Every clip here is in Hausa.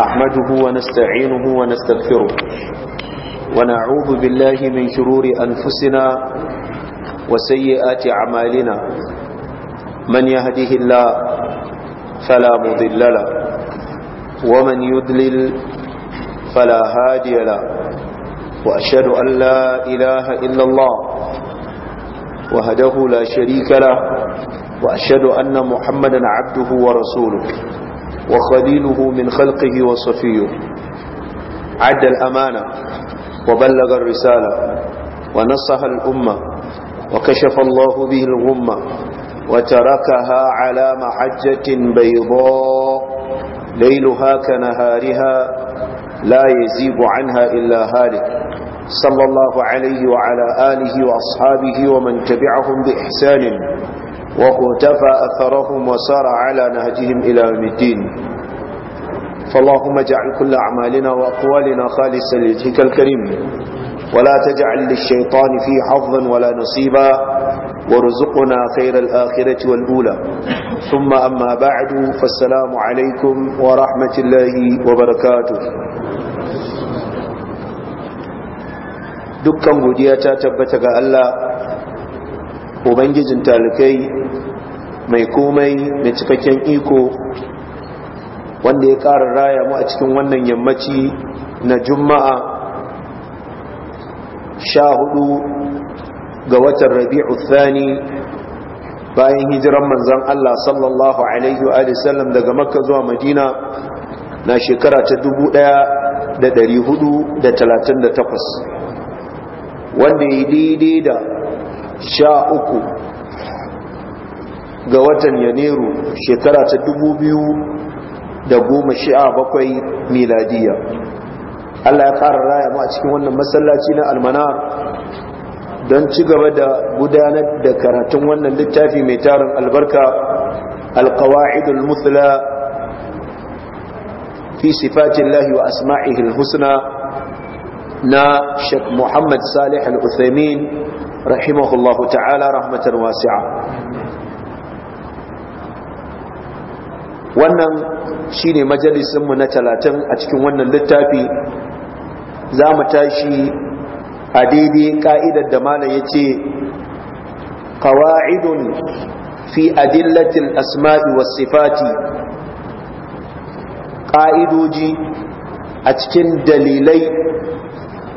نحمده ونستعينه ونستغفره ونعوذ بالله من شرور أنفسنا وسيئات أعمالنا من يهده الله فلا مضل له ومن يدلل فلا هادي له وأشهد أن لا إله إلا الله وهده لا شريك له وأشهد أن محمدا عبده ورسوله وخليله من خلقه وصفيه عد الأمانة وبلغ الرسالة ونصها الأمة وكشف الله به الغمة وتركها على محجة بيضاء ليلها كنهارها لا يزيب عنها إلا هالك صلى الله عليه وعلى آله وأصحابه ومن تبعهم بإحسان وقتفى أثرهم وسار على نهجهم إلى يوم الدين فاللهم اجعل كل أعمالنا وأقوالنا خالصا لجهك الكريم ولا تجعل للشيطان فيه حظا ولا نصيبا وارزقنا خير الآخرة والأولى ثم أما بعد فالسلام عليكم ورحمة الله وبركاته دكا godiya تبتك ألا ومنجز تالكي ubangijin mai komai mai cikakken iko wanda ya ƙara raya mu a cikin wannan yammaci na juma'a sha hudu ga watan rabi'u thani bayan hijiran manzan Allah sallallahu alaihi wa sallam daga makka zuwa madina na shekara ta takwas, wanda ya daidai da sha uku ga watan Yanairu shekara ta dubu biyu da goma sha bakwai miladiya Allah ya ƙara raya mu a cikin wannan masallaci na almana don ci gaba da gudanar da karatun wannan littafi mai tarin albarka alkawa'idul mutula fi sifatin lahi wa asma'ihil husna na shek muhammad salih al-uthaymin rahimahullahu ta'ala rahmatan wasi'a wannan shi shine majalisinmu na talatin a cikin wannan littafi za mu tashi a daidai ka'idar da mana ya ce kawa'idun fi dillatin asma'i wa sifati ƙa'idoji a cikin dalilai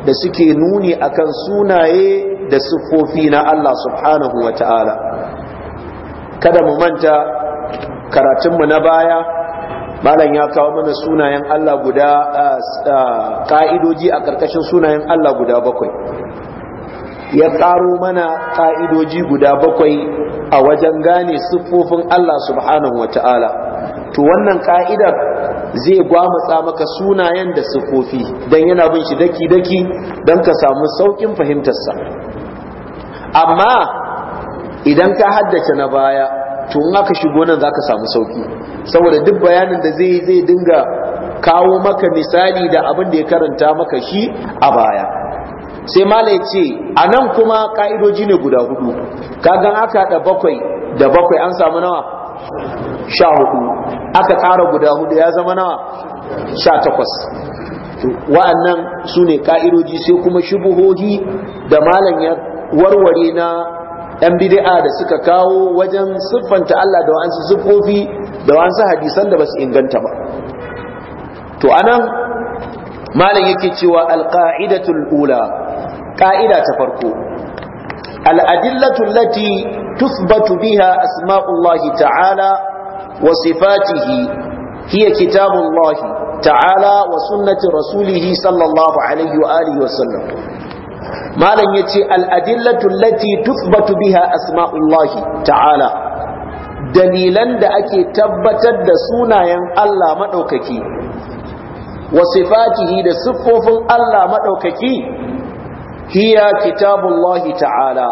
da suke nuni akan sunaye da siffofi na Allah subhanahu wa ta'ala kada mu manta karatunmu na baya malam ya kawo mana sunayen Allah guda ka'idoji a ƙarƙashin sunayen Allah guda bakwai ya ƙaro mana ka'idoji guda bakwai a wajen gane siffofin Allah subhanahu wa ta'ala to wannan ka'idar zai gwamutsa maka sunayen da siffofi don yana bin shi daki-daki don ka samu sauƙin fahimtarsa amma idan ka haddace na baya to in aka shigo nan zaka samu sauki saboda duk bayanin da zai zai dinga kawo maka misali da abin da ya karanta maka shi a baya sai mala ya ce a nan kuma ka'idoji ne guda hudu kagan aka haɗa bakwai da bakwai an samu nawa sha hudu aka ƙara guda hudu ya zama nawa sha takwas wa'annan su ne ka'idoji sai kuma shubuhohi da malam ya warware na 'yan bid'a da suka kawo wajen siffanta Allah da wa'ansu siffofi da wa'ansu hadisan da su inganta ba to anan malam yake cewa alqa'idatul ula ƙa'ida ta farko al'adillatu allati tuthbatu biha asma'ullahi ta'ala wa sifatihi hiya kitabullahi ta'ala wa sunnati rasulihi sallallahu alaihi wa alihi wa sallam malam yace al-adillatu allati tuthbatu biha asma'ullahi ta'ala dalilan da ake tabbatar da sunayen Allah madaukaki wa sifatihi da siffofin Allah madaukaki hiya kitabullahi ta'ala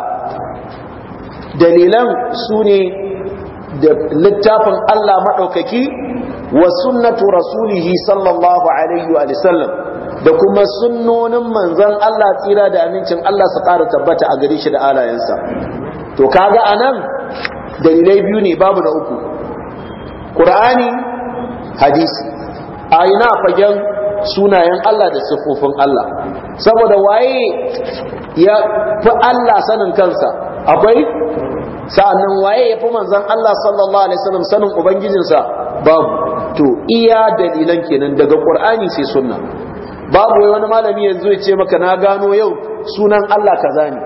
dalilan sune da littafin Allah maɗaukaki wa sunnatu rasulihi sallallahu alaihi wa sallam da kuma sunnonin manzon Allah tsira da amincin Allah su ƙara tabbata a gare shi da alayensa to kaga anan dalilai biyu ne babu na uku Qur'ani hadisi a ina fagen sunayen Allah da siffofin Allah saboda waye ya fi Allah sanin kansa akwai sa'annan waye ya fi manzon Allah sallallahu alaihi wasallam sanin ubangijinsa babu to iya dalilan kenan daga Qur'ani sai sunna babu wai wani malami yanzu ya ce maka na gano yau sunan Allah kaza ne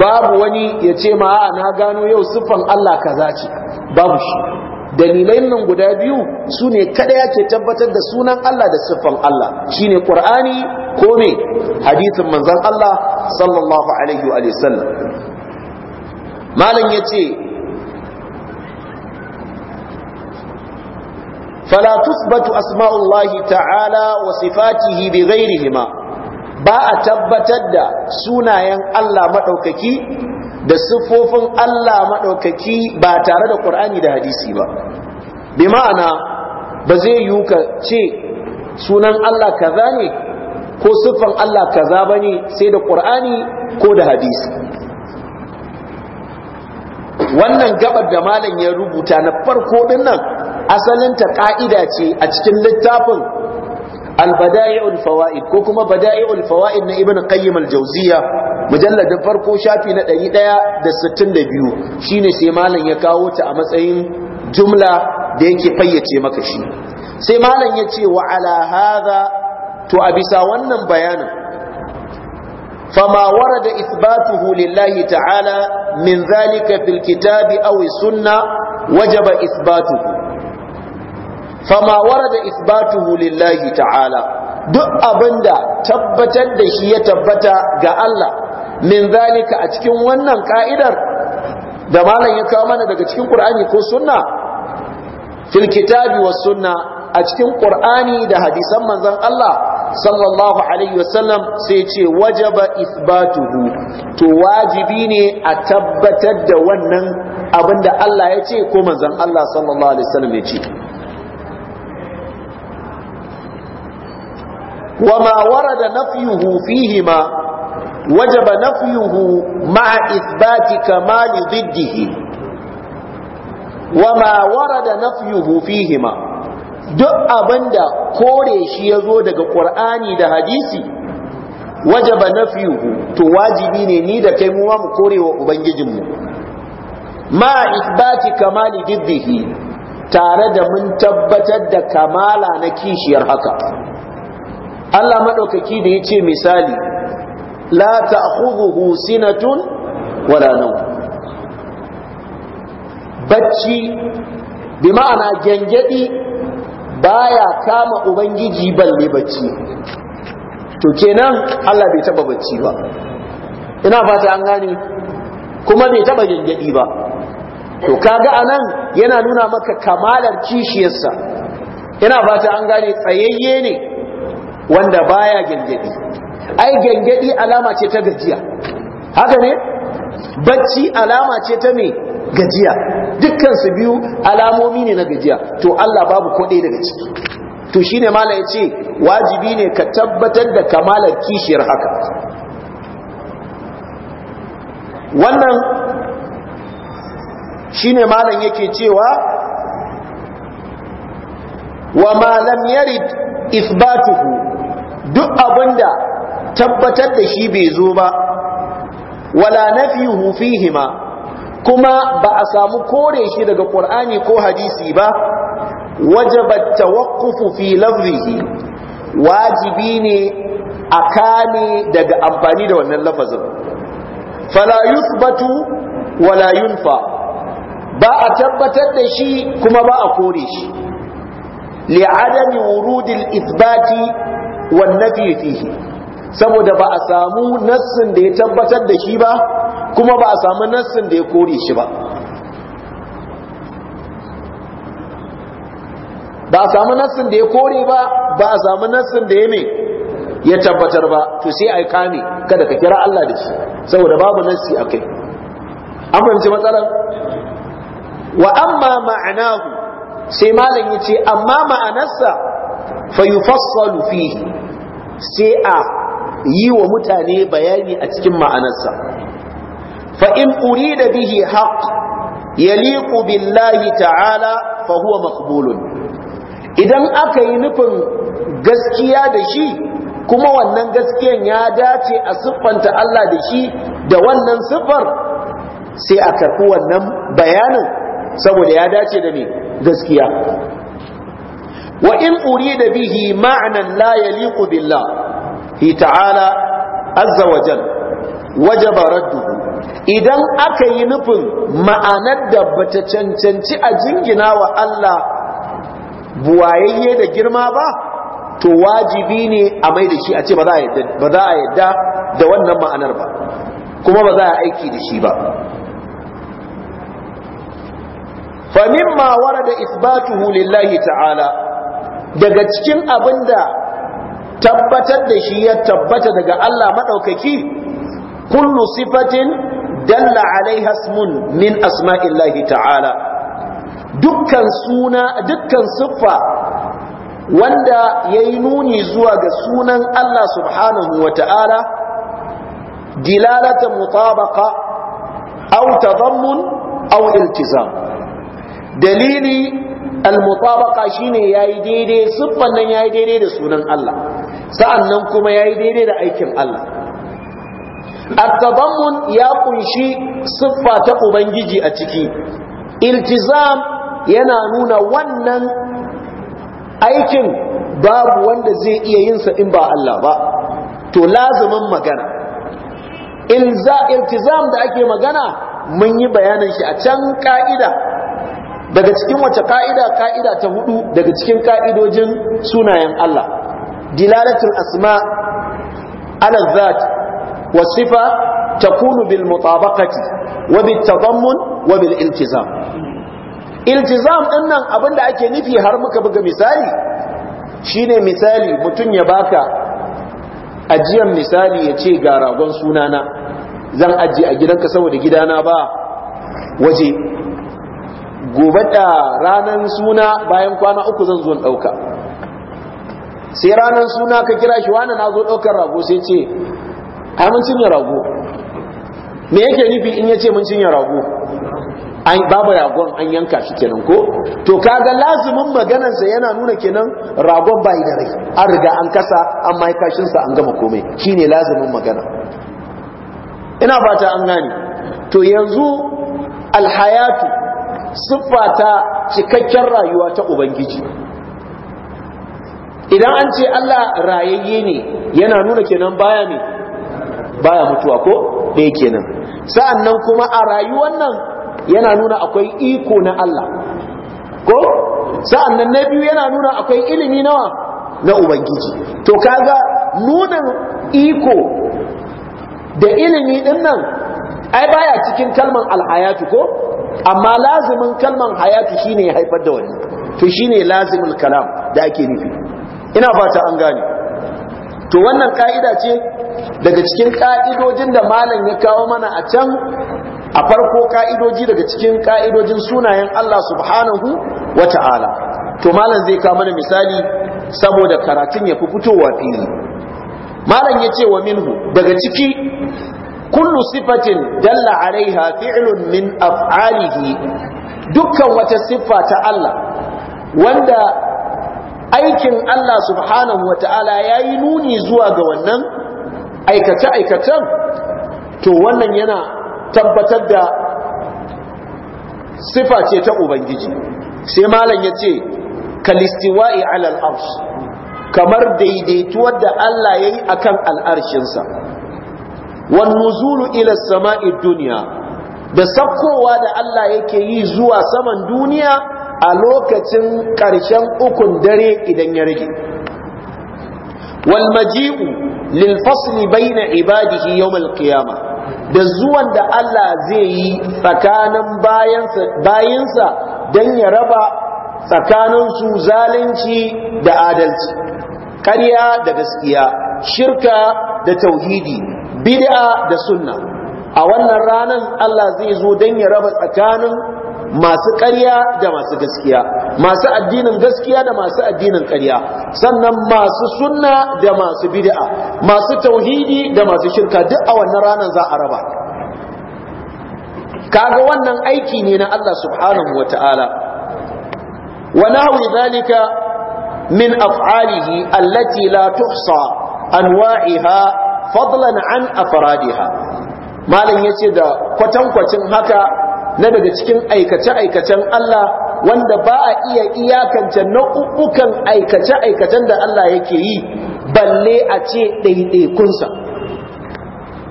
babu wani ya ce ma a na gano yau siffan Allah kaza ce babu shi dalilai nan guda biyu su ne kada ke tabbatar da sunan Allah da siffan Allah Shi ne ƙur'ani ko me hadisin manzon Allah sallallahu alaihi wa sallam malam ce. Falatus Asma'ulLahi ta'ala wa أسماء الله تعالى وصفاته Ba a tabbatar da sunayen Allah مدوككي da sifofin Allah maɗaukaki ba tare da ƙur'ani da hadisi ba bi ma'ana ba zai yiwu ka ce sunan Allah kaza ne ko siffan Allah kaza ba ne sai da ƙur'ani ko da hadisi wannan gabar da malam ya rubuta na farko ɗin asalinta ka'ida ce a cikin littafin albada'i'ul fawaid ko kuma bada'i'ul fawaid na ibn qayyim al-jawziya mujalladin farko shafi na 162 shine sai malam ya kawo ta a matsayin jumla da yake fayyace maka shi sai malam ya ce wa ala hadha to a bisa wannan bayanin فما ورد إثباته lillahi ta'ala min zalika fil kitabi أو sunna wajaba إثباته fama da isbatuhu lillahi ta'ala duk abinda tabbatar da shi ya tabbata ga Allah min zalika a cikin wannan ka'idar da malam ya kawo mana daga cikin Qur'ani ko sunna fil kitabi was sunna a cikin Qur'ani da hadisan manzon Allah sallallahu alaihi wasallam sai ce wajaba isbatuhu to wajibi ne a tabbatar da wannan abinda Allah ya ce ko manzon Allah sallallahu alaihi wasallam ya ce وما ورد نفيه فيهما وجب نفيه مع إثبات كمال ضده وما ورد نفيه فيهما duk abin da kore shi ya zo daga ƙur'ani da hadisi wajaba nafihu to wajibi ne ni da kai muwa mu kore wa ubangijinmu ma isbati kamali diddihi tare da mun tabbatar da kamala na kishiyar haka Allah maɗaukaki da yace misali la ta'khudhuhu sinatun wala nawm bacci bi ma'ana gengedi baya kama ubangiji balle bacci to kenan Allah bai taba bacci ba ina fata an gane kuma bai taba gengedi ba to kaga anan yana nuna maka kamalar kishiyarsa ina fata an gane tsayayye ne wanda baya gangadi ai gangadi alama ce ta gajiya haka ne bacci alama ce ta me gajiya dukkan su biyu alamomi ne na gajiya to Allah babu ko ɗaya daga ciki to shine ya yace wajibi ne ka tabbatar da kamalar kishiyar haka wannan shine malam yake cewa wa ma lam yarid إثباته duk abinda tabbatar da shi bai zo ba wala nafihu fihima kuma ba a samu kore shi daga qur'ani ko hadisi ba wajaba tawaqqufu fi lafzihi wajibi ne a kame daga amfani da wannan lafazin fala yuthbatu wala yunfa ba a tabbatar da shi kuma ba a kore shi li'adami wurudil ithbati wan fihi saboda ba a samu nassin da ya tabbatar da shi ba kuma ba a samu nassin da ya kore shi ba ba a samu nassin da ya kore ba ba a samu nassin da ya ne ya tabbatar ba to sai ai kame kada ka kira Allah da shi saboda babu nassi akai an fahimci matsalar wa amma ma'anahu sai malam yace amma ma'anarsa fa yufassalu fihi sai a yi wa mutane bayani a cikin ma'anarsa fa in da bihi haqq yaliqu billahi ta'ala fa huwa idan aka yi nufin gaskiya da shi kuma wannan gaskiyan ya dace a siffanta Allah da shi da wannan siffar sai a karɓi wannan bayanin saboda ya dace da ne gaskiya wa in da bihi ma'nan la yaliqu billah hi ta'ala azza wa jal wajaba radduhu idan aka yi nufin ma'anar da bata cancanci a jingina wa Allah buwayayye da girma ba to wajibi ne a mai da shi a ce ba za a yadda da wannan ma'anar ba kuma ba za a aiki da shi ba فمما ورد إثباته lillahi ta'ala. daga cikin abin da tabbatar da shi ya tabbata daga Allah maɗaukaki kullu sifatin dalla alaiha ismun min asma'illahi ta'ala dukkan suna dukkan siffa wanda ya yi nuni zuwa ga sunan Allah subhanahu wa ta'ala dilalata mutabaka au tazammun au iltizam dalili al-mutabaqa shine yayi daidai siffan nan yayi daidai da sunan Allah sa'annan kuma yayi daidai da aikin Allah at-tadammun ya kunshi siffa ta ubangiji a ciki iltizam yana nuna wannan aikin babu wanda zai iya yin sa in ba Allah ba to lazumin magana ilza iltizam da ake magana mun yi bayanin shi a can ka'ida daga cikin wace ka'ida ka'ida ta hudu daga cikin ka'idojin sunayen Allah dilalatul asma ala dhat wa sifa takunu bil mutabaqati wa bit tadammun wa bil iltizam iltizam ɗinnan abin abinda ake nufi har muka buga misali shine misali mutun ya baka ajiyan misali ya ce ga ragon sunana zan ajiye a gidanka saboda gidana ba waje gobe da ranan suna bayan kwana uku zan zo ɗauka sai ranan suna ka kira shi wani na zo ɗaukar rago sai ce a mun cinye rago me yake nufi in ya ce mun cinye rago an babu ragon an yanka shi kenan ko to kaga lazumin maganarsa yana nuna kenan ragon bai da rai an riga an kasa an mai kashinsa an gama komai shine lazumin magana ina fata an gane to yanzu alhayatu siffa ta cikakken rayuwa ta ubangiji idan an ce Allah rayayye ne yana nuna kenan baya ne baya mutuwa ko ɗaya kenan sa'annan kuma a rayuwar nan yana nuna akwai iko na Allah ko sa'annan na biyu yana nuna akwai ilimi nawa na ubangiji to kaga nuna iko da ilimi din nan ai baya cikin kalman alhayatu ko amma lazimin kalman hayatu shine ya haifar da wani to shine lazimul kalam da ake nufi ina fata an gane to wannan ka'ida ce daga cikin ka'idojin da malam ya kawo mana a can a farko ka'idoji daga cikin ka'idojin sunayen Allah subhanahu wata'ala to malam zai kawo mana misali saboda karatun ya fi fitowa fili malam ya ce wa minhu daga ciki kullu sifatin dalla alaiha fi'lun min af'alihi dukkan wata siffa ta Allah wanda aikin Allah subhanahu wa ta'ala ya yi nuni zuwa ga wannan aikace-aikacen to wannan yana tabbatar da sifa ce ta Ubangiji sai malam ya ce kalistiwa'i alal arsh kamar daidaituwar da Allah ya yi a kan al'arshinsa wan nuzulu ila samai da sakkowa da Allah yake yi zuwa saman duniya a lokacin ƙarshen ukun dare idan ya rage wal maji'u lil fasli baina ibadihi yawm al da zuwan da Allah zai yi tsakanin bayansa bayinsa dan ya raba tsakanin su zalunci da adalci ƙarya da gaskiya shirka da tauhidi bid'a da sunna a wannan ranar Allah zai zo don ya raba tsakanin masu ƙarya da masu gaskiya masu addinin gaskiya da masu addinin ƙarya sannan masu sunna da masu bid'a masu tauhidi da masu shirka duk a wannan ranar za a raba kaga wannan aiki ne na Allah subhanahu wata'ala ta'ala wa nahwi zalika min af'alihi allati la tuhsa anwa'iha fadlan an afradiha malam yace da kwatankwacin haka na daga cikin aikace-aikacen Allah wanda ba a iya iyakance nau'ukan aikace-aikacen da Allah yake yi balle a ce ɗaiɗaikunsa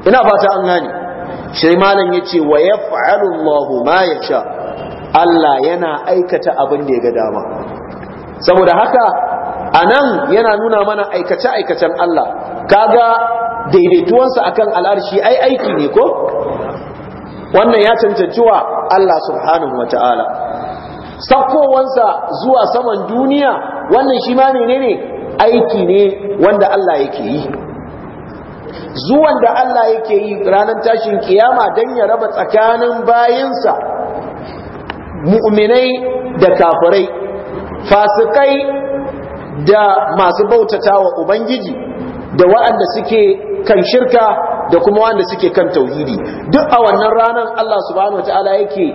ina fata an gani, shi malam yace wa yaf'alu Allahu ma yasha Allah yana aikata abin da ya ga dama saboda haka anan yana nuna mana aikace-aikacen Allah kaga daidaituwansa akan al'arshi ai aiki ne ko wannan ya cancanci wa Allah subhanahu wata'ala sakowansa zuwa saman duniya wannan shi ma menene aiki ne wanda Allah yake yi zuwan da Allah yake yi ranar tashin kiyama don ya raba tsakanin bayansa mu'minai da kafirai fasikai da masu bautatawa Ubangiji da waɗanda suke kan shirka da kuma wa'anda suke kan tauhidi duk a wannan ranar Allah subhanahu wataala yake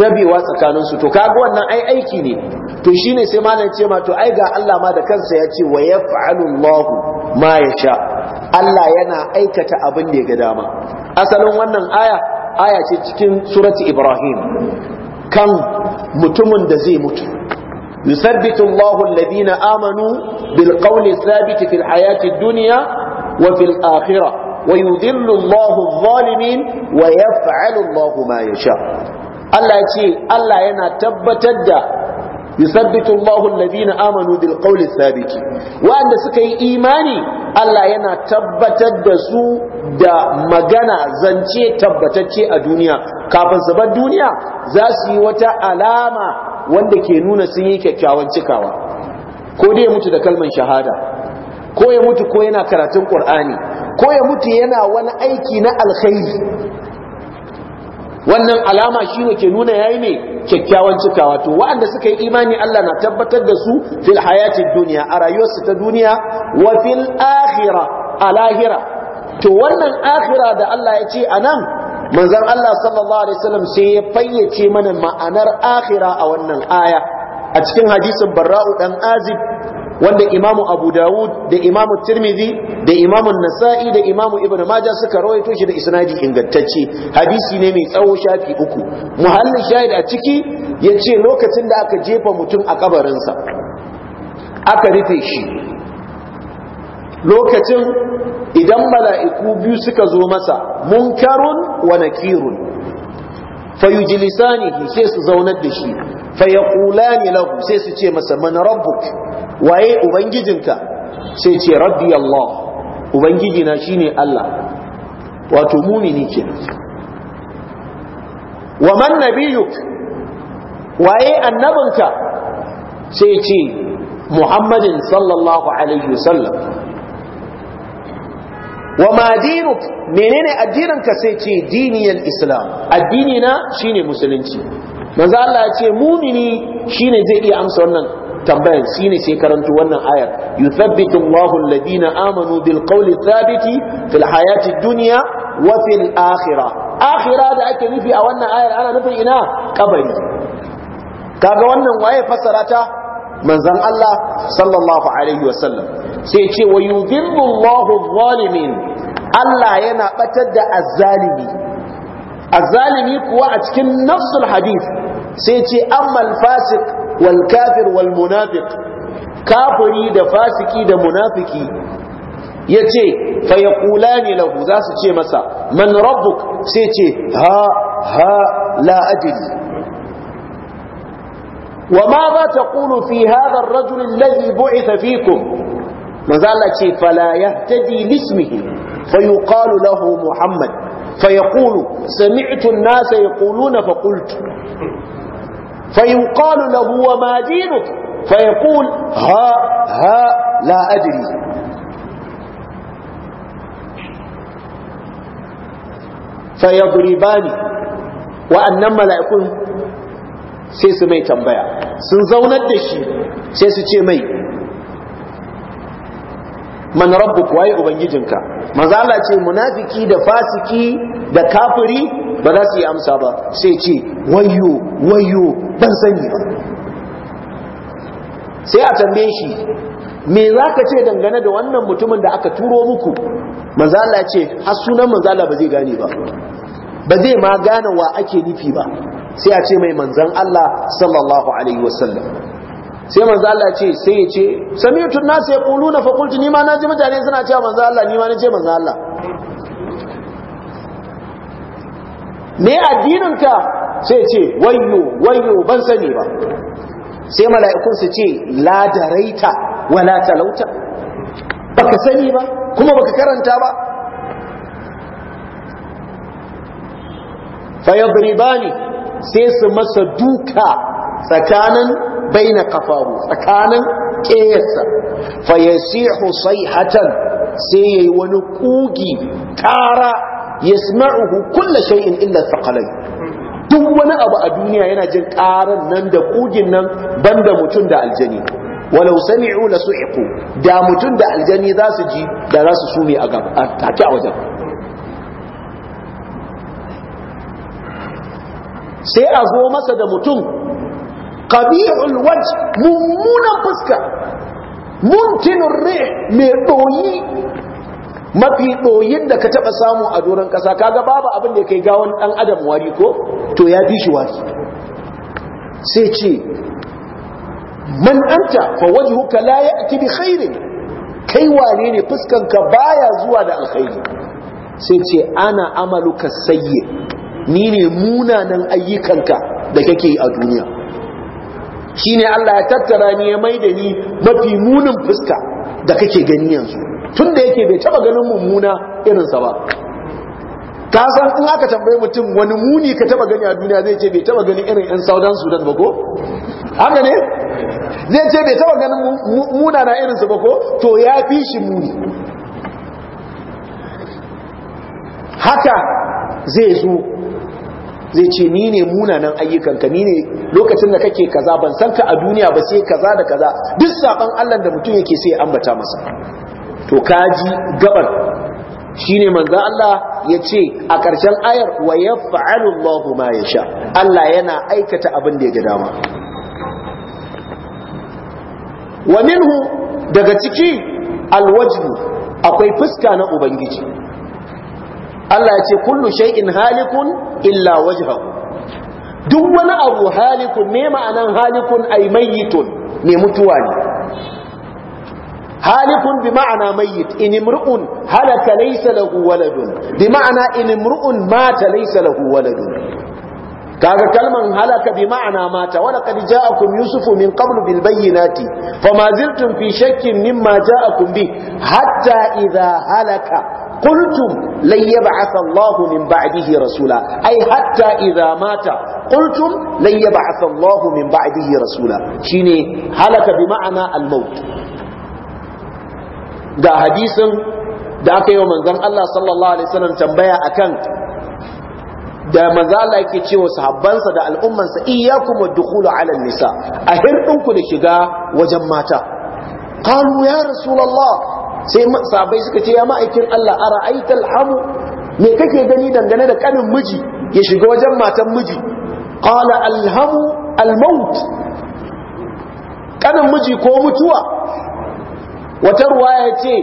rabewa tsakanin su to kaga wannan ai aiki ne to shine sai malam ce ma to ai ga Allah ma da kansa ya ce wa yaf'alu Allahu ma yasha Allah yana aikata abin da ya ga dama asalin wannan aya aya ce cikin surati Ibrahim kan mutumin da zai mutu yusabbitu Allahu alladhina amanu bil qawli thabit fil hayati dunya wa fil akhirah wa yudhillu Allahu adh-dhalimin wa yaf'alu Allahu ma yasha Allah ya ce Allah yana tabbatar da يثبت الله الذين آمنوا بالقول الثابت وأن سكي إيماني الله ينا تبتد دسو دا مغانا زنشي تبتد شيء الدنيا كابن سبا الدنيا زاسي وتا علامة wanda ke nuna sun yi kyakkyawan cikawa ko dai ya mutu da kalman shahada ko ya mutu ko yana karatun qur'ani ko ya mutu yana wani aiki na alkhairi wannan alama shi ne ke nuna yayi ne kyakkyawan cikawa to waɗanda suka yi imani Allah na tabbatar da su fil hayatid dunya a rayuwarsu ta duniya wa fil akhirah a lahira to wannan ahira da Allah ya ce anan manzon Allah sallallahu alaihi wasallam sai ya fayyace mana ma'anar akhira a wannan aya a cikin hadisin Barra'u dan Azib wanda imamu Abu Dawud da imamu Tirmidhi da imamu Nasa'i da imamu ibnu Majah suka rawaito shi da isnadi ingantacce hadisi ne mai tsawo shafi uku muhallin shahid a ciki yace lokacin da aka jefa mutum a kabarinsa aka rufe shi lokacin idan mala'iku biyu suka zo masa munkarun wa nakirun fayujlisanihi sai su zaunar da shi fayaqulani lahu sai su ce masa man rabbuk waye ubangijinka sai ce rabbi Allah ubangijina ne Allah wato muni mumini kenan wa man nabiyuk waye annabinka sai ce Muhammadin sallallahu alaihi wasallam wa ma menene addinin ka sai ce diniyal islam Addinina shine musulunci manzo Allah ya ce mumini shine zai iya amsa wannan tambayar shine shekarantu wannan ayar yuthabbitu Allahu alladhina amanu bil qawli thabiti fil hayati duniya wa fil Akhira akhirah da ake nufi a wannan ayar ana nufin ina kabari Ka ga wannan waye fassara ta manzon Allah sallallahu alaihi wasallam سيتي ويذل الله الظالمين الله ينا بتد الظالمي الظالمي كو اتكن نفس الحديث سيتي اما الفاسق والكافر والمنافق كافري ده فاسقي ده منافقي يتي فيقولان له ذاس تشي مسا من ربك سيتي ها ها لا اجل وماذا تقول في هذا الرجل الذي بعث فيكم مزالتي فلا يهتدي لاسمه فيقال له محمد فيقول سمعت الناس يقولون فقلت فيقال له وما دينك فيقول ها ها لا أدري فيضرباني وأنما لا يكون سيسمي تنبيع سنزون الدشي سيسمي man rabbu waye ubangijinka manzo Allah ce munafiki da fasiki da kafiri ba za su yi amsa ba sai ce wayyo wayyo ban sani ba sai a tambaye shi me zaka ce dangane da wannan mutumin da aka turo muku manzo Allah ce har sunan manzo Allah ba zai gane ba ba zai ma gane wa ake nufi ba sai a ce mai manzon Allah sallallahu alaihi wasallam sai manzo Allah ce sai ya ce sami'tu nasu yaquluna na qultu ni ma naji mutane suna cewa manzo Allah nima ma nace manzo Allah me addinin ka sai ce wayyo wayyo ban sani ba sai mala'ikun su ce la daraita wala talauta baka sani ba kuma baka karanta ba fayadribani sai su masa duka tsakanin baina kafahu tsakanin ƙeyarsa fayasihu hatan sai yayi wani kugi ƙara yasma'uhu kullu shay'in illa thaqalay duk wani abu a duniya yana jin ƙarar nan da kugin nan banda mutum da aljani walau sami'u la su'iqu da mutum da aljani za su ji da za su sume a take a wajen sai a zo masa da mutum qabihul wajh mummunan fuska muntinur ri mai doyi mafi doyin da ka taba samu a doron kasa kaga babu abin da kai gawan dan adam wari ko to ya fi shi wari sai ce man anta fa wajhuka la ya'ti bi khairin kai wane ne fuskanka baya zuwa da alkhairi sai ce ana amaluka sayyi ni ne munanan ayyukanka da kake a duniya shi ne Allah ya tattara ni ya maida ni mafi munin fuska da kake gani yanzu tunda yake bai taba ganin mummuna irinsa ba ka san in aka tambaye mutum wani muni ka taba gani a duniya zai ce bai taba ganin irin yan saudan sudan ba ko haka ne zai ce bai taba ganin muna na irinsu ba ko to ya fi shi muni haka zai zo zai ce ni ne munanan ayyukanka ni ne lokacin da kake kaza ban san ka a duniya ba sai kaza da kaza duk saban Allah da mutum yake sai ya ambata masa to kaji gabar shine manzo Allah ya ce a ƙarshen ayar wa yaf'alu Allahu ma yasha Allah yana aikata abin da ya ga dama wa minhu daga ciki alwajhu akwai fuska na ubangiji Allah ya ce kullu shay'in halikun illa wajhahu duk wani abu halikun me ma'anan halikun ay mayyitun ne mutuwa ne halikun bi ma'ana mayyit in imru'un halaka laysa lahu waladun bi ma'ana in imru'un mata laysa lahu waladun kaga kalman halaka bi ma'ana mata wala qad ja'akum yusufu min qablu bil bayyinati fama ziltum fi shakkin mimma ja'akum bi hatta idha halaka قلتم لن يبعث الله من بعده رسولا أي حتى إذا مات قلتم لن يبعث الله من بعده رسولا شيني هلك بمعنى الموت دا حديث da aka yi wa manzon Allah sallallahu alaihi wasallam tambaya akan da maza Allah yake cewa sahabbansa da al'ummansa iyyakum ad-dukhulu 'ala an-nisa a hirdinku da shiga wajen mata qalu ya sai sabai suka ce ya ma'aikin Allah a ra'aital hamu me kake gani dangane da kanin miji ya shiga wajen matan miji qala alhamu almaut kanin miji ko mutuwa wata ruwaya ce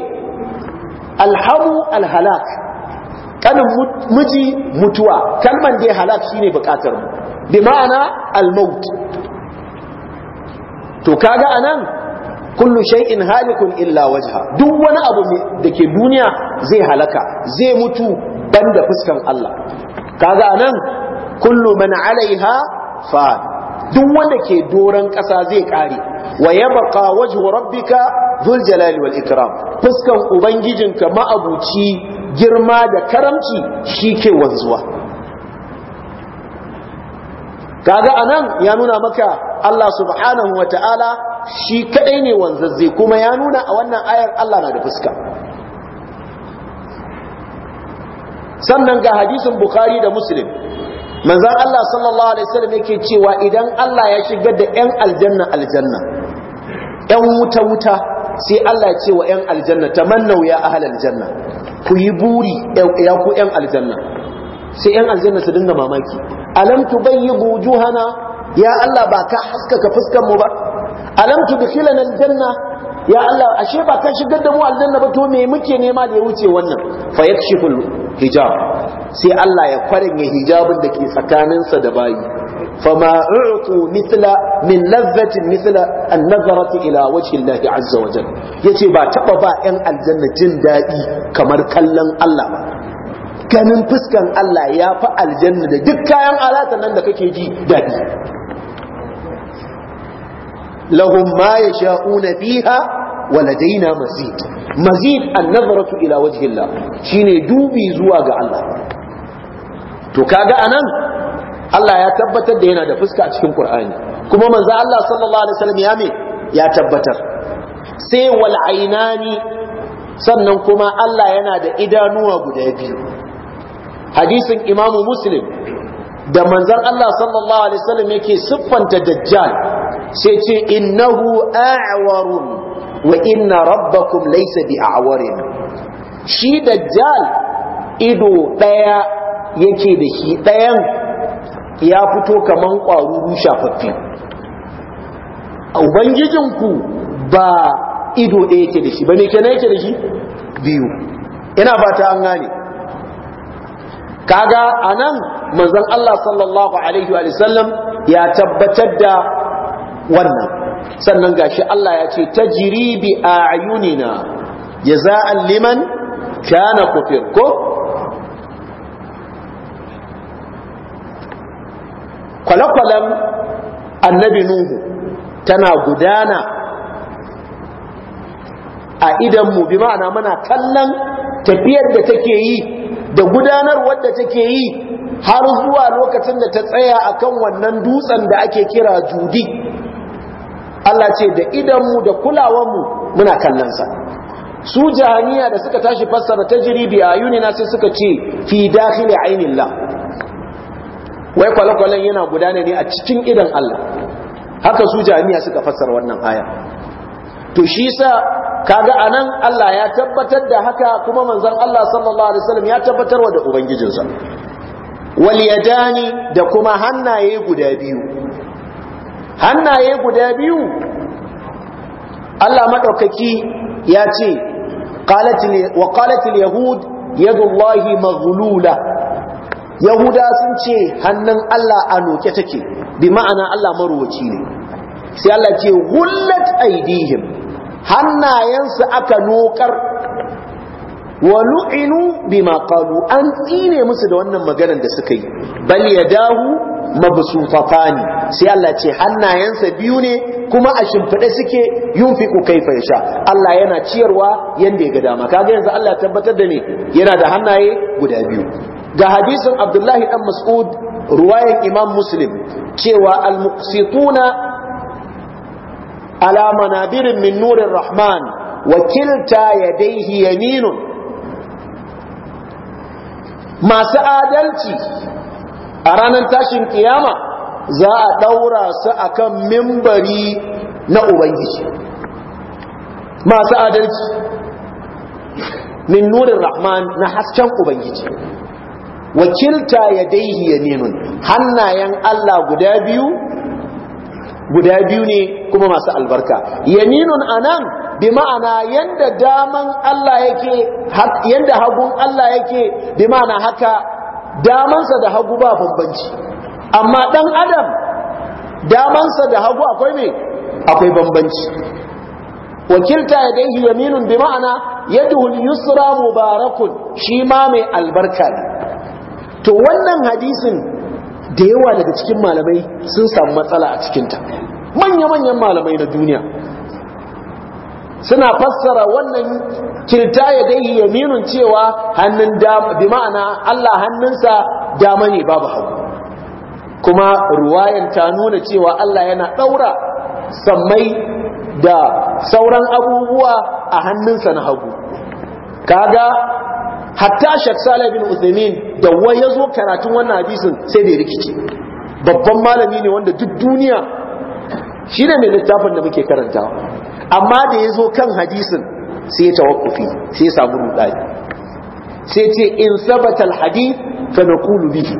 alhamu alhalak kanin miji mutuwa kalman dai halak shine bukatar mu bi ma'ana almaut to kaga anan kullu shay'in halikun illa wajha duk wani abu da ke duniya zai halaka zai mutu banda fuskan Allah kaga anan kullu man alaiha fa duk wanda ke doran kasa zai kare wa yabqa wajhu rabbika dhul jalali wal ikram fuskan ubangijinka ma'abuci girma da karamci shike wanzuwa kaga anan ya nuna maka Allah subhanahu wa ta'ala shi kadai ne wanzazze kuma ya nuna a wannan ayar Allah na da fuska sannan ga hadisin bukhari da muslim manzan Allah sallallahu alaihi wasallam yake cewa idan Allah ya shigar da 'yan aljanna aljanna 'yan wuta wuta sai Allah ya ce wa 'yan aljanna tamannau ya halal aljanna ku yi buri ya ku 'yan aljanna sai 'yan aljanna su dinga mamaki alam tubayyibu wujuhana ya Allah ba ka haskaka fuskar mu ba alam tudkhilana aljanna ya Allah ashe ba ka shigar da mu aljanna ba to me muke nema da ya wuce wannan fa yakshiful hijab sai Allah ya kwaranye hijabin da ke tsakaninsa da bayi fama u'tu mithla min lazzatin mithla an nazarati ila wajhi Allah azza wa jalla ba taba ba yan aljanna jin daɗi kamar kallon Allah ba ganin fuskan Allah ya fa aljanna da duk kayan alatan nan da kake ji daɗi. lahum ma yasha'una fiha wa ladaina mazid mazid an-nazratu ila wajhi Allah shine dubi zuwa ga Allah to kaga anan Allah ya tabbatar da yana da fuska a cikin Qur'ani kuma manzo Allah sallallahu alaihi ya ya tabbatar sai wal'aina ni sannan kuma Allah yana da idanuwa guda biyu hadisin Imam Muslim da manzon Allah sallallahu alaihi wasallam yake siffanta dajjal sai ce innahu a'warun wa inna rabbakum laysa bi'awarin shi dajjal ido daya yake da shi dayan ya fito kaman kwaruru shafaffe ubangijinku ba ido ɗaya yake da shi ba me kenan yake da shi biyu ina fata an gane kaga anan manzon Allah sallallahu alaihi wa sallam ya tabbatar da wannan sannan gashi Allah ya ce tajri bi ayunina jaza'an liman kana kufir ko kwalakwalan annabi nuhu tana gudana a mu bi ma'ana muna kallon tafiyar da take yi da gudanar wadda take yi har zuwa lokacin da ta tsaya akan wannan dutsen da ake kira judi Allah ce da idanmu da kulawanmu muna kallonsa su jahaniya da suka tashi fassara ta jiribi a yunina sai suka ce fi dakhili la. wai kwale-kwalen yana gudana ne a cikin idan Allah haka su jahaniya suka fassara wannan aya to shi sa kaga anan Allah ya tabbatar da haka kuma manzon Allah sallallahu alaihi wasallam ya tabbatarwa da ubangijinsa wal yadani da kuma hannaye guda biyu hannaye guda biyu Allah madaukaki ya ce wa qalatil yahud yadullahi maghlula yahuda sun ce hannun Allah a noke take bi ma'ana Allah maruwaci ne sai Allah ce hullat aidihim hannayensu aka nokar wa lu'inu bima qalu an tsine musu da wannan maganar da suka yi bal yadahu mabsutatani sai Allah ce hannayensa biyu ne kuma a shimfiɗe suke yunfiqu kaifa yasha Allah yana ciyarwa yanda ya ga dama kaga yanzu Allah ya tabbatar da me yana da hannaye guda biyu ga hadisin Abdullahi dan Mas'ud ruwayan Imam Muslim cewa al-muqsituna ala manabirin min nurir rahman wa kilta yadayhi yaminun masu adalci a ranar tashin kiyama za a ɗaura su akan mimbari na ubangiji masu adalci min nurin rahman na hasken ubangiji wakilta ya daihi ya nenun hannayen allah guda biyu guda biyu ne kuma masu albarka yaninun anan bi ma'ana yanda daman Allah yake yanda hagun Allah yake bi ma'ana haka damansa da hagu ba bambanci amma dan adam damansa da hagu akwai me akwai bambanci wakilta yadayhi yaminun bi ma'ana yaduhu yusra mubarakun shi ma mai albarka ne to wannan hadisin da yawa daga cikin malamai sun samu matsala a cikin ta manya manyan malamai na duniya suna fassara wannan kirta ya dai yaminun cewa hannun bi ma'ana Allah hannunsa dama ne babu hagu kuma ruwayan ta nuna cewa Allah yana daura sammai da sauran abubuwa a hannunsa na hagu kaga hatta Sheikh saleh bin Uthaymeen da wai yazo karatun wannan hadisin sai da rikici babban malami ne wanda duk duniya shine mai littafin da muke karantawa amma da ya zo kan hadisin sai ya tawakkufi sai ya samu rudani sai ce in sabata alhadith fa naqulu bihi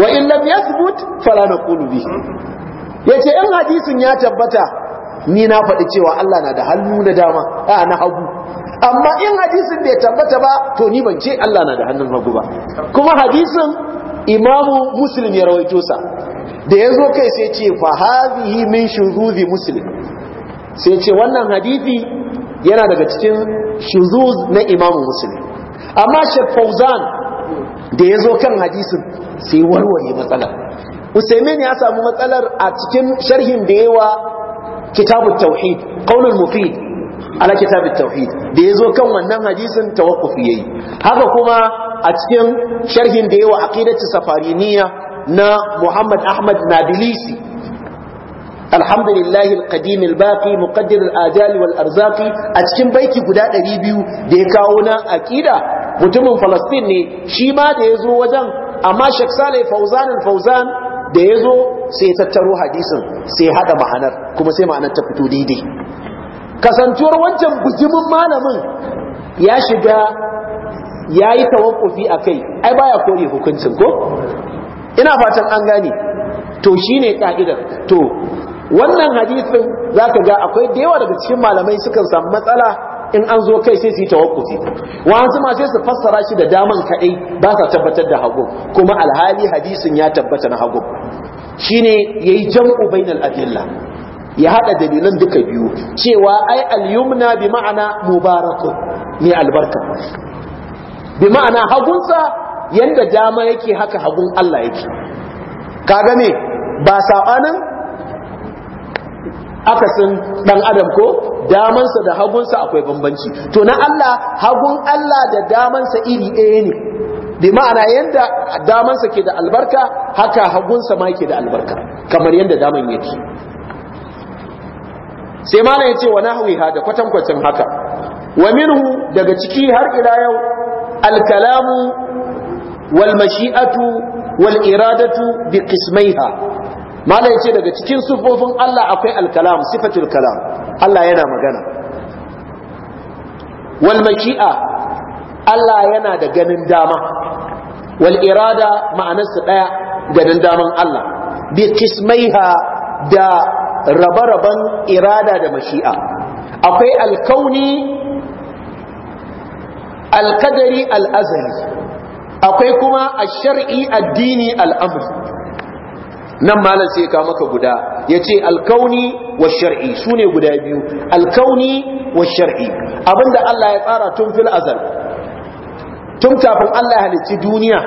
wa in lam yathbut fala naqulu bihi yace in hadisin ya tabbata ni na faɗi cewa Allah na da hannu da dama a na hagu amma in hadisin bai tabbata ba to ni ban ce Allah na da hannun hagu ba kuma hadisin imamu muslim ya rawaito sa da ya zo kai sai ce fa hadhihi min shuruzi muslim sai ce wannan hadithi yana daga cikin shuzuz na imamu musulmi amma shek fauzan da ya zo kan hadisin sai warware matsalar usaimin ya samu matsalar a cikin sharhin da yawa kitabun tauhid qaulul mufid ala kitabun tauhid da ya zo kan wannan hadisin tawakkufi yayi haka kuma a cikin sharhin da yawa aqidatu safariniya na muhammad ahmad nabilisi الحمد لله القديم الباقي مقدر الآجال والأرزاق أتكين بيتي قداء ريبيو دي كاونا أكيدا متمن فلسطيني شيما دي يزو وجن أما شكسالي فوزان الفوزان دي يزو سيتترو حديثا سيهاد معنر كما سيمعنا تفتو ديدي kasantuwar wancan bujimin malamin ya shiga ya yi tawakkufi a kai ai baya kore hukuncin ko ina fatan an gane to shine ka'idar to wannan hadisin ka ga akwai da daga cikin malamai sukan samu matsala in an zo kai sai su yi tawakkuti wasu ma sai su fassara shi da daman kaɗai ba sa tabbatar da hagu kuma alhali hadisin ya tabbata na hagu shine yayi jam'u bainal adilla ya haɗa dalilan duka biyu cewa ai alyumna bi ma'ana mubarakun ne albarka bi ma'ana hagunsa yanda dama yake haka hagun Allah yake kaga ne ba sabanin akasin dan adam ko damansa da hagunsa akwai bambanci to na Allah hagun Allah da damansa iri ɗaya ne bi ma'ana yanda damansa ke da albarka haka hagunsa ma ke da albarka kamar yanda daman yake sai ma ya ce wa ha da kwatankwacin haka wa minhu daga ciki har ila yau alkalamu wal mashi'atu wal iradatu bi qismaiha malai ce daga cikin sufofin Allah akwai alkalam sifatul kalam Allah yana magana wal maki'a Allah yana da ganin dama wal irada ma'anarsa daya ganin daman Allah bi kismaiha da raba raban irada da mashi'a akwai alkauni alkadari al'azari akwai kuma a shari'i addini al'amur nan malam sai ka maka guda yace alkauni wa shar'i sune guda biyu alkauni wa shar'i abinda Allah ya tsara tun fil azal tun kafin Allah ya halicci duniya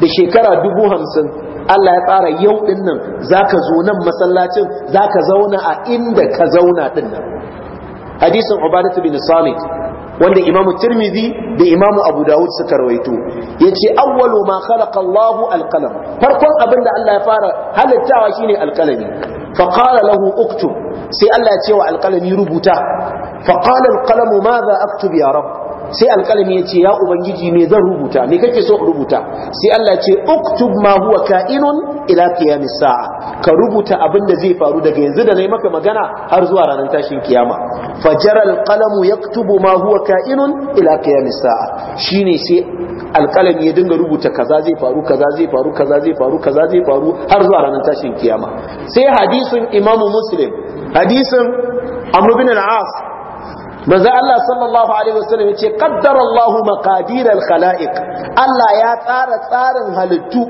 da shekara dubu hamsin Allah ya tsara yau din nan zaka zo nan masallacin zaka zauna a inda ka zauna din nan hadisin Ubadah bin Samit wanda Imam Tirmidhi da Imam Abu Dawud suka rawaito yace awwalu ma khalaqa Allahu al farkon abin da Allah ya fara halittawa shine alkalami, qalami fa qala lahu uktub sai Allah ya ce wa al rubuta fa qala al madha aktub ya rabb sai alƙalami ya ce ya ubangiji me zan rubuta me kake so rubuta sai Allah ce uktub ma huwa ka'inun ila qiyamis sa'a ka rubuta abin da zai faru daga yanzu da nayi maka magana har zuwa ranar tashin kiyama fajara qalamu yaktubu ma huwa ka'inun ila qiyamis sa'a shine sai alƙalami ya dinga rubuta kaza zai faru kaza zai faru kaza zai faru kaza zai faru har zuwa ranar tashin kiyama sai hadisin imamu muslim hadisin amr bin al-as manzo Allah sallallahu alaihi wasallam yace qaddara Allah maqadir al Allah ya tsara tsarin halittu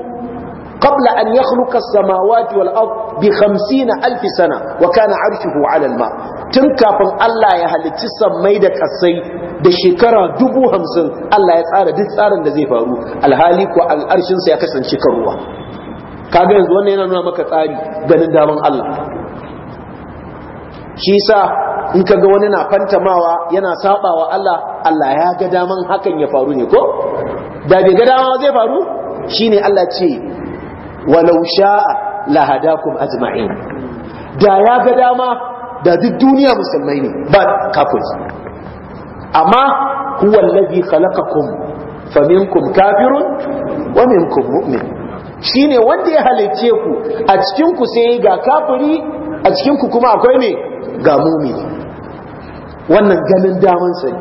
قبل أن يخلق السماوات والأرض wa ألف سنة وكان عرشه على tun kafin الله ya سميدك sammai da kasai da shekara dubu hamsin Allah ya tsara duk tsarin da zai faru alhali ko sa ya kasance kan ruwa kaga yanzu wannan yana nuna maka tsari ganin daman Allah shi sa in kaga wani na fantamawa yana sabawa Allah Allah ya ga daman hakan ya faru ne ko da bai ga dama zai faru shine Allah ce walau sha'a hadakum ajma'in da ya ga dama da duk duniya musulmai ne ba kafir amma huwa allazi khalaqakum faminkum kafirun wa minkum mu'min shine wanda ya halice ku a cikin ku sai ga kafiri a cikin ku kuma akwai ne ga mumini wannan ganin daman sai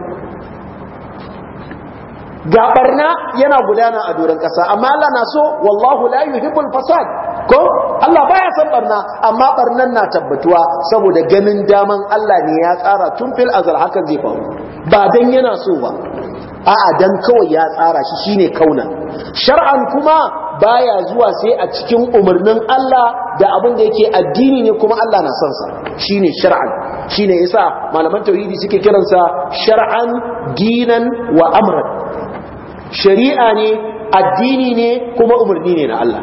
ga barna yana gudana a doron ƙasa amma Allah na so wallahu la yuhibbul fasad ko Allah baya san barna amma barnan na tabbatuwa saboda ganin daman Allah ne ya tsara tun fil azal haka zai faru ba dan yana so ba a'a dan kawai ya tsara shi shine kauna shar'an kuma baya zuwa sai a cikin umarnin Allah da abin da yake addini ne kuma Allah na son sa shine shar'an Shi ne yasa malaman tauhidi suke kiransa shar'an dinan wa amran shari'a ne addini ne kuma umarni ne na Allah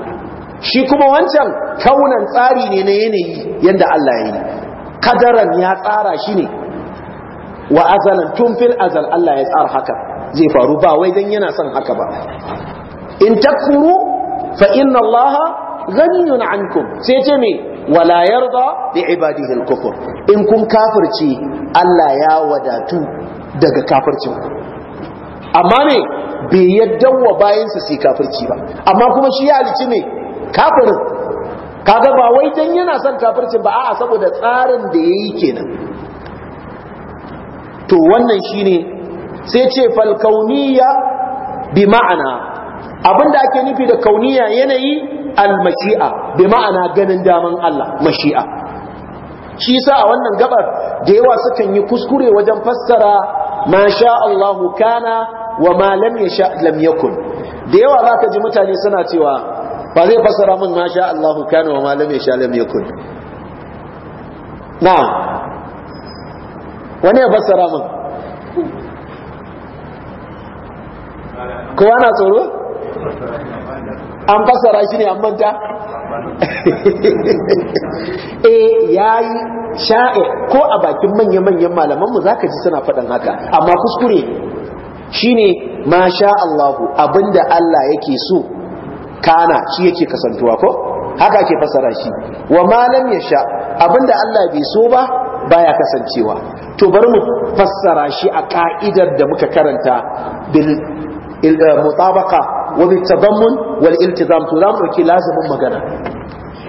shi kuma wancan kaunan tsari ne na yanayi yanda Allah ya yi kadaran ya tsara shi ne wa azalan tun fil azal Allah ya tsara haka zai faru ba wai dan yana son haka ba in takfuru fa inna Allah ghaniyun ankum sai ce me wala yarda li ibadihi al-kufr in kun kafirci Allah ya wadatu daga kafircin ku amma me bai yadda wa su su kafirci ba amma kuma shi ya halici ne kafirin kaga ba wai dan yana son kafircin ba a'a saboda tsarin da yayi kenan to wannan shine sai ce fal falkauniya bi ma'ana abinda ake nufi da kauniya yanayi al-mashi'a bi ma'ana ganin daman Allah mashi'a shi sa a wannan gabar da yawa sukan yi kuskure wajen fassara ma sha Allahu kana wa ma lam yasha lam yakun da yawa zaka ji mutane suna cewa ba zai fassara min ma sha Allahu kana wa ma lam yasha lam yakun na wani ya fassara min ko na tsoro an fassara shi ne an manta eh, ya yi sha'i ko a bakin manya manyan malaman mu ka ji suna faɗin haka amma kuskure shi ne ma sha Allahu abinda Allah yake so kana shi yake kasantuwa ko haka ake fassara shi wa malam ya sha abinda Allah bai so ba baya kasancewa to bari mu fassara shi a ka'idar da muka karanta bil eh, mutabaka wa bil wal iltizam to za mu dauki lazimin magana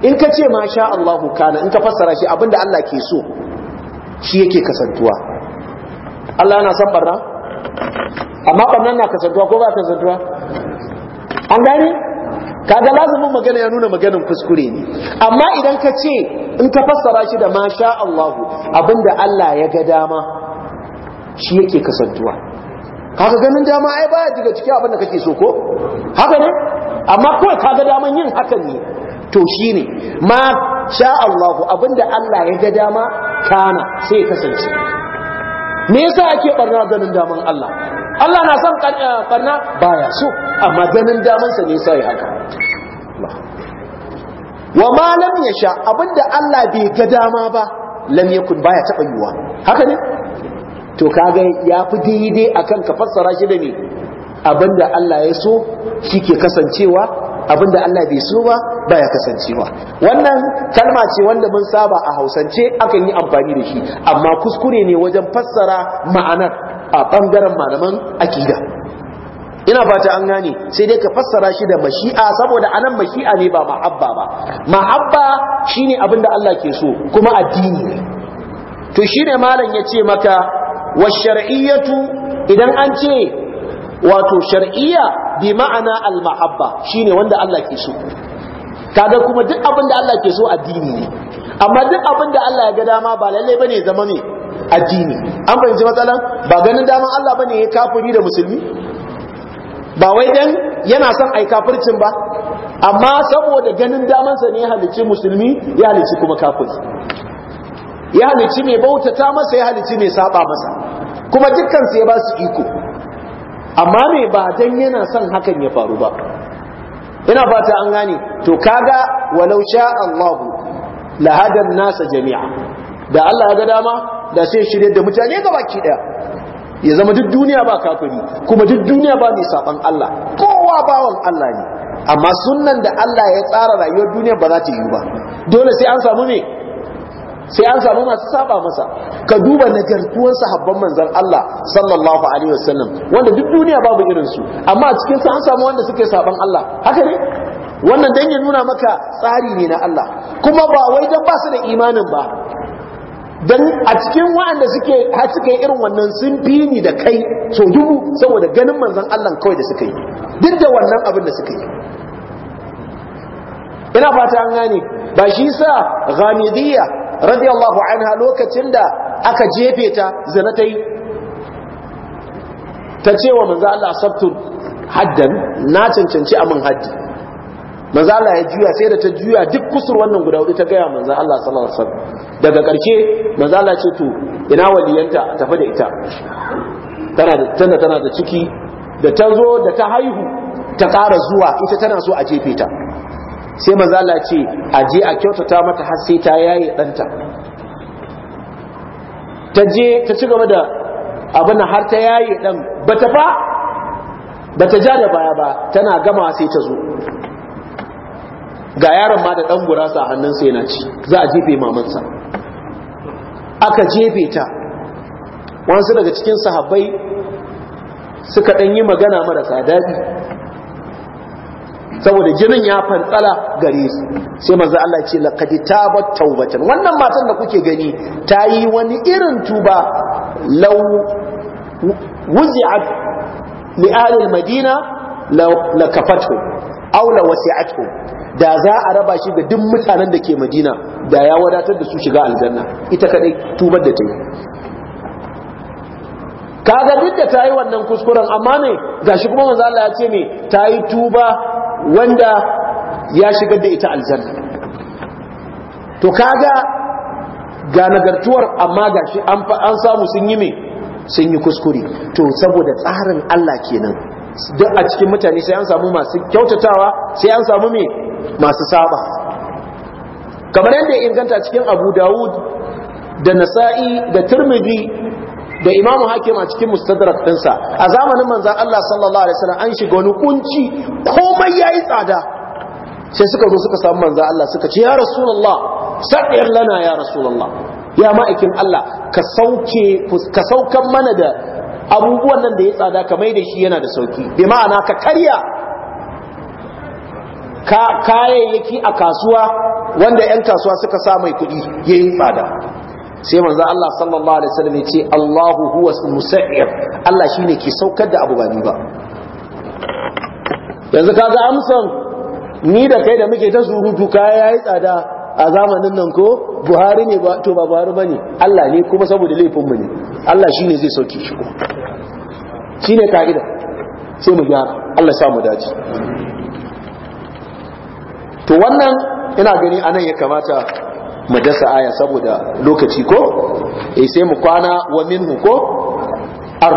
in ka ce masha sha Allahu kana in ka fassara shi abinda Allah ke so shi yake kasantuwa Allah yana son barna amma barnan na kasantuwa ko ba kasantuwa an gane kaga lazimin magana ya nuna maganin kuskure ne amma idan ka ce in ka fassara shi da masha Allah Allahu abinda Allah ya ga dama shi yake kasantuwa kaga ganin dama ai baya daga cikin abin da kake so ko haka ne amma kawai kaga daman yin hakan ne to shine ma sha Allahu abinda Allah ya ga dama kana sai kasance me yasa ake barna ganin daman Allah Allah na son barna eh, baya so amma ganin daman sa ne sai haka wa ma lam yasha abinda Allah bai ga dama ba lam yakun baya taba yuwa haka ne to kaga ya fi daidai akan ka fassara shi da ne abinda Allah ya so shi ke kasancewa abinda Allah bai so ba baya kasancewa wannan kalma ce wanda mun saba a hausance akan yi amfani da shi amma kuskure ne wajen fassara ma'anar a bangaren malaman akida ina fata an gane sai dai ka fassara shi da mashi'a saboda anan mashi'a ne ba mahabba ba mahabba shine abinda Allah ke so kuma addini ne to shine malam ya ce maka wa shar'iyyatu idan an ce wato shar'iyya bi ma'ana al-mahabba shine wanda Allah ke so kaga kuma duk abin da Allah ke so addini ne amma duk abin da Allah ya ga dama ba lalle bane zama ne addini an fahimci matsalan ba ganin daman Allah bane ya kafiri da musulmi ba wai dan yana son ai kafircin ba amma saboda ganin damansa ne ya halicci musulmi ya halicci kuma kafiri ya halici mai bauta ta masa ya halici mai saba masa kuma dukkan ya ba su iko amma mai ba dan yana son hakan ya faru ba ina fata an gane to kaga walau sha Allahu la nasa jami'a da Allah ya ga dama da sai shirye da mutane ga baki daya ya zama duk duniya ba kafiri kuma duk duniya ba mai saban Allah kowa bawan Allah ne amma sunnan da Allah ya tsara rayuwar duniya ba za ta yi ba dole sai an samu me sai an samu masu saba masa ka duba nagartuwar sahabban manzon Allah sallallahu alaihi wasallam wanda duk duniya babu irin su amma a cikin su an samu wanda suke saban Allah haka ne wannan dan ya nuna maka tsari ne na Allah kuma ba wai dan ba su da imanin ba dan a cikin waɗanda suke har suke irin wannan sun fi ni da kai so dubu saboda ganin manzon Allah kawai da suka yi duk da wannan abin da suka yi ina fata an gane ba shi sa ghamidiyya radiyallahu anha lokacin da aka jefe ta zina ta yi ta ce wa manzo Allah sabtu haddan na cancanci amin haddi manzo Allah ya juya sai da ta juya duk kusur wannan guda hudu ta gaya manzo Allah sallallahu alaihi wasallam daga karshe manzo Allah ce to ina waliyanta a tafi da ita tana da tana tana da ciki da ta zo da ta haihu ta ƙara zuwa ita tana so a jefe ta sai mazala ce a je a kyautata mata har sai ta yaye ɗanta ta je ta ci gaba da abin har ta yaye ɗan ba ta fa ba ta ja da baya ba tana gama sai ta zo ga yaron ma da ɗan gurasa a hannunsa yana ci za a jefe mamansa aka jefe ta wasu daga cikin sahabbai suka ɗan yi magana marasa daɗi saboda jinin ya fantsala gare su sai manzo Allah ce laqad tabat tawbatan wannan matan da kuke gani ta yi wani irin tuba law wuzi'at li ahli madina la kafatu aw la wasi'atu da za a raba shi ga duk mutanen da ke Madina da ya wadatar da su shiga aljanna ita kadai tubar da ta yi kaga duk da ta wannan kuskuren amma ne gashi kuma manzo Allah ya ce me tayi tuba wanda ya shigar da ita aljanna to kaga ga nagartuwar amma gashi an an samu sun yi me sun yi kuskure to saboda tsarin Allah kenan duk a cikin mutane sai an samu masu kyautatawa sai an samu me masu saba kamar yadda inganta cikin Abu Dawud da Nasa'i da Tirmidhi da imamu hakim a cikin mustadrak ɗinsa a zamanin manzan Allah sallallahu alaihi wasallam an shiga wani kunci komai yayi tsada sai suka zo suka samu manzan Allah suka ce ya rasulullah sadiyar lana ya rasulullah ya ma'aikin Allah ka sauke ka saukan mana da abubuwan nan da ya tsada ka mai da shi yana da sauki bi ma'ana ka karya kayayyaki a kasuwa wanda 'yan kasuwa suka sa mai kuɗi yayin tsada sai manzo Allah sallallahu alaihi wasallam ya ce Allahu huwa musa'ir Allah shine ke saukar da abu ba ni ba yanzu kaga amsan ni da kai da muke ta surutu kaya yayi tsada a zamanin nan ko Buhari ne ba to ba Buhari bane Allah ne kuma saboda laifin mu ne Allah shine zai sauke shi ko shine kaida sai mu gyara Allah ya sa mu dace to wannan ina gani anan ya kamata mu dasa aya saboda lokaci ko e sai mu kwana wa minhu ko ar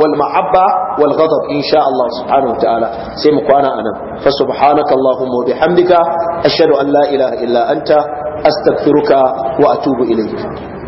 wal mahabba wal ghadab insha Allah subhanahu wataala sai mu kwana anan fa subhanaka allahumma wa bihamdika ashhadu an la ilaha illa anta astaghfiruka wa atubu ilayk